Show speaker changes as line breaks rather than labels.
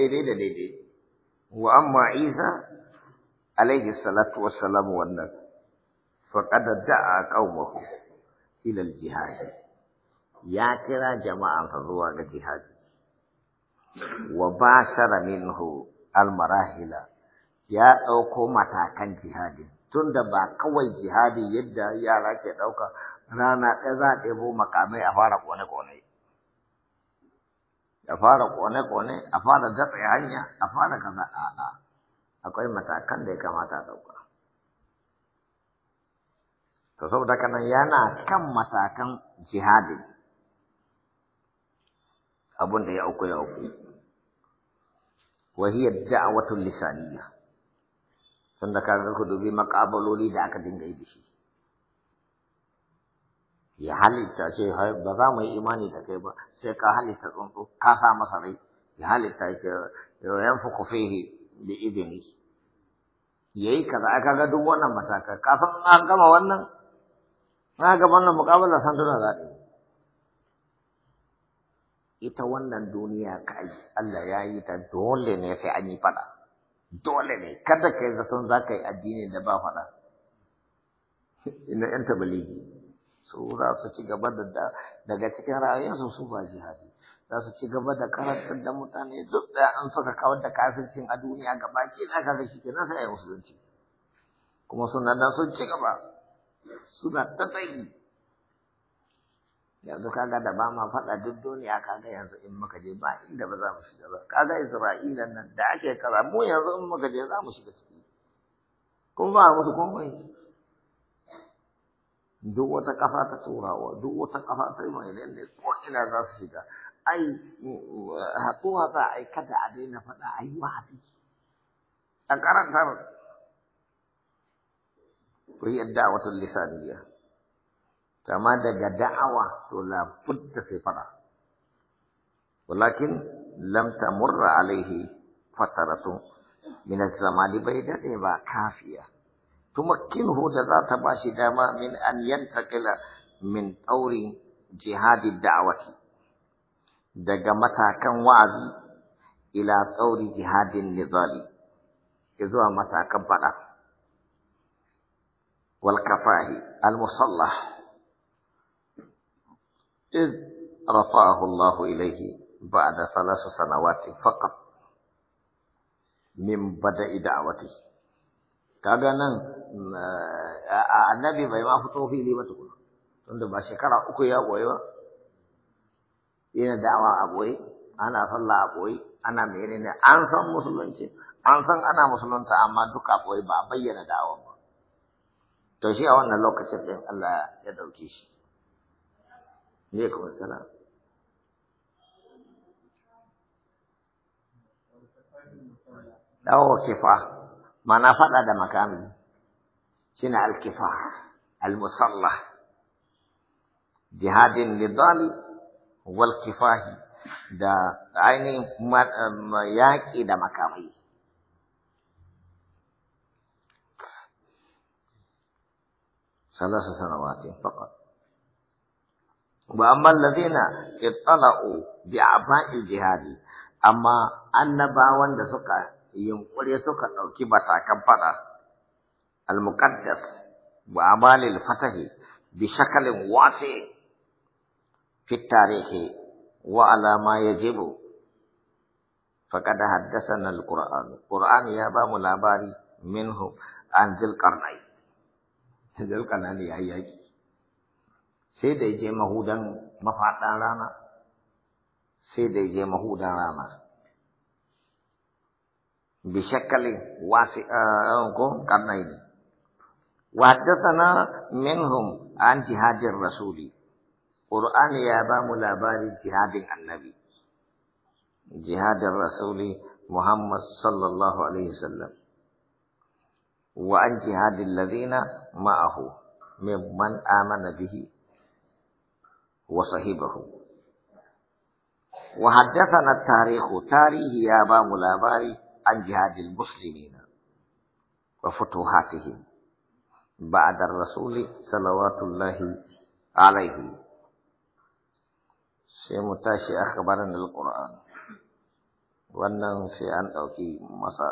daidai da daidai wa amma isa alaihi salatu wassalam wannan faqad da'a qaumahu ila al ya kira jama'an zuwa ga jihadi wa bashara minhu al-marahila ya dauko matakan jihadi tunda ba kawai jihadi yadda yara ke dauka rana ɗaya za a ɗebo makamai a fara kone-kone ya fara kone-kone a fara datsa hanya a fara kaza a'a akwai matakan da ya kamata a ɗauka to saboda kana yana kan matakan jihadi abin da ya auku ya auku wahiyar da'awatul lisaniyya tun da kaga ku dubi makabaloli da aka dinga yi da shi ya halitta ce ba za mu yi imani da kai ba sai ka halitta tsuntsu ka sa masa rai ya halitta ce yan fi fihi da izini yi kaza aka ga duk wannan matakan ka san an gama wannan na ga wannan mukabala san tuna zaɗi ita wannan duniya kai Allah ya yi ta dole ne sai an yi faɗa dole ne kada kai zaton za ka yi addini da ba faɗa ina yan tabaligi su za su ci gaba da daga cikin rayuwarsu su ba jihadi za su ci gaba da karantar da mutane duk da an suka kawar da kafircin a duniya gaba ke da aka shi ke sai a yi musulunci kuma suna da sun ci gaba suna ta tsayi yanzu kaga da ba ma faɗa duk duniya kaga yanzu in muka je ba inda ba za mu shiga ba kaga Isra'ila nan da ake kaza mu yanzu in muka je za mu shiga ciki kuma ba mu kuma komai duk wata kafa ta turawa duk wata kafa ta yi mai ne ko ina za su shiga ai haɗuwa za a yi kada a daina faɗa a yi wahabi a karantar ku yi da'awatul ta kama daga da'awa to la budda sai faɗa walakin lam tamurra alaihi fataratu min az-zamani bai dade ba kafiya tumakkinuhu da za ta ba shi dama min an yantakila min ɗaurin jihadin da'awati daga matakan wa'azi ila tsauri jihadin nizali zuwa matakan faɗa wal kafahi al musallah إذ رفعه الله إليه بعد ثلاث سنوات فقط من بدء دعوته كذا annabi bai ma fito fili ba tukuna tunda ba shekara uku ya goyi ba yana da'awa a goyi ana sallah a goyi ana ne an san musulunci an san ana musulunta amma duka goyi ba bayyana da'awa ba to shi a wannan lokacin din Allah ya dauke shi ne kuma salam dawo kifa mana faɗa da makami سنع الكفاح المسلح جهاد النضال والكفاح دا عيني ما ياكي دا مكامي ثلاث سنوات فقط وأما الذين اطلعوا بأعباء الجهاد أما أن باوان دا سكا ينقل يسكا أو كبتا كبتا المقدس وأعمال الفتح بشكل واسع في التاريخ وعلى ما يجب فقد حدثنا القرآن القرآن يا بام الأباري منه عن ذي القرنين ذي القرنين يا يجي sai da je mahudan mafaɗan rana sai da je mahudan rana bi shakalin wasi ko karnai ne وحدثنا منهم عن جهاد الرسول قرآن يا بام الأبار جهاد النبي جهاد الرسول محمد صلى الله عليه وسلم وعن جهاد الذين معه ممن آمن به وصحبه وحدثنا التاريخ تاريخ يا بام الأبار عن جهاد المسلمين وفتوحاتهم Ba'a ba'dar rasuli salawatullahi alaihi sai mu tashi akhbaran alquran wannan sai an ɗauki masa